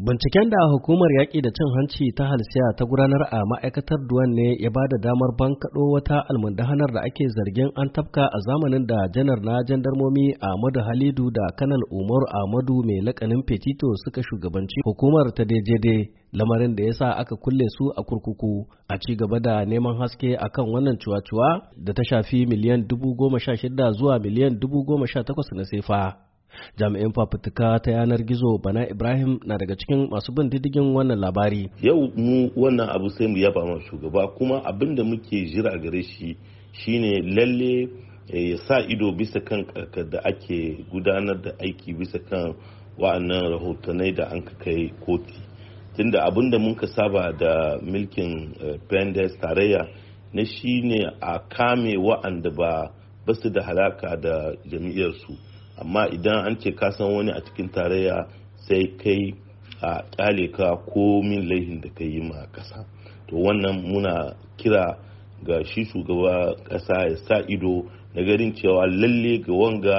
Binciken da hukumar yaƙi da cin hanci ta halsiya ta gudanar a ma'aikatar duwan ne ya ba da damar bankaɗo wata almundahanar da ake zargin an tafka a zamanin da janar na jandarmomi Ahmadu Halidu da kanal Umar Ahmadu mai lakanin Petito suka shugabanci hukumar ta daidai lamarin da ya sa aka kulle su a kurkuku a ci gaba da neman haske akan wannan cuwa-cuwa da ta shafi miliyan dubu goma sha shida zuwa miliyan dubu goma sha takwas na sefa. jami'in fafutuka ta yanar gizo bana ibrahim na daga cikin masu bin diddigin wannan labari yau mu wannan abu sai mu yaba ma shugaba kuma abin da muke jira gare shi shine lalle eh, ya sa ido bisa kan da ake gudanar da aiki bisa kan wa'annan rahotannai da an kai koti tunda abin da muka saba da milkin eh, pendes tarayya na shine a kame wa'anda ba su da halaka da jami'ar su. amma idan an ce ka san wani a cikin tarayya sai kai a kyale ka ko min laihin da ka yi ma kasa to wannan muna kira ga shi shugaba kasa ya sa ido na garin cewa lalle ga wanga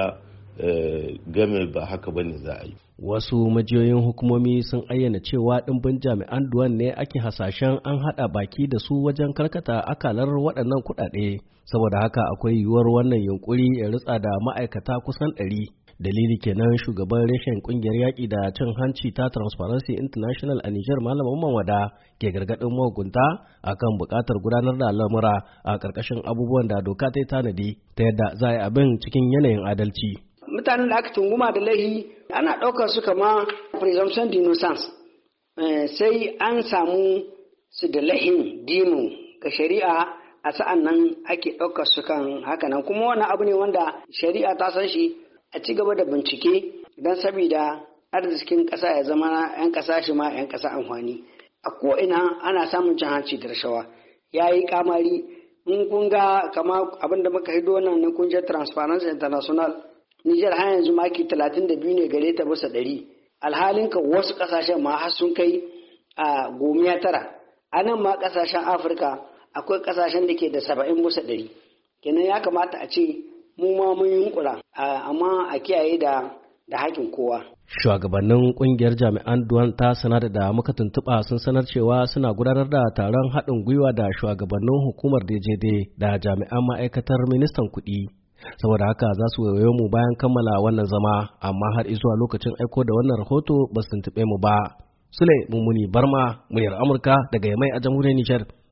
eh, game ba haka bane za a yi wasu majiyoyin hukumomi sun ayyana cewa ɗimbin jami'an duwan ne ake hasashen an haɗa baki da su wajen karkata akalar waɗannan kuɗaɗe saboda haka akwai yiwuwar wannan yunkuri ya ritsa da ma'aikata kusan ɗari dalili kenan shugaban reshen kungiyar yaƙi da cin hanci ta transparency international a niger malamin mawada ke gargaɗin mahukunta kan buƙatar gudanar da lamura a ƙarƙashin abubuwan da doka ta yi tanadi ta yadda za a yi abin cikin yanayin adalci mutanen da aka tunguma da laifi ana ɗaukar su kama presumption d'innocence eh, sai an samu su da laifin dino ga shari'a a sa'an nan ake ɗaukar su kan haka nan kuma wani abu ne wanda shari'a ta san shi a ci gaba da bincike don saboda arzikin ƙasa ya zama 'yan ƙasa shi ma 'yan ƙasa amfani a ko'ina ana samun cin hanci da rashawa ya yi kamari in kun ga kama abin da muka hido nan na kungiyar transparency international nijar har yanzu maki 32 ne gare ta bisa ɗari alhalin ka wasu ƙasashen ma har sun kai a gomiya tara a nan ma ƙasashen afirka akwai ƙasashen da ke da saba'in bisa ɗari kenan ya kamata a ce mu ma mun yunkura amma a kiyaye da da hakin kowa. Shugabannin kungiyar jami'an Duwan ta sanar da muka tuntuɓa sun sanar cewa suna gudanar da taron haɗin gwiwa da shugabannin hukumar DJD da jami'an ma'aikatar ministan kuɗi. Saboda haka za su wayo mu bayan kammala wannan zama, amma har izuwa lokacin aiko da wannan rahoto ba su tuntuɓe mu ba. Sule Mummuni Barma, muryar Amurka daga Yamai a jamhuriyar Nijar.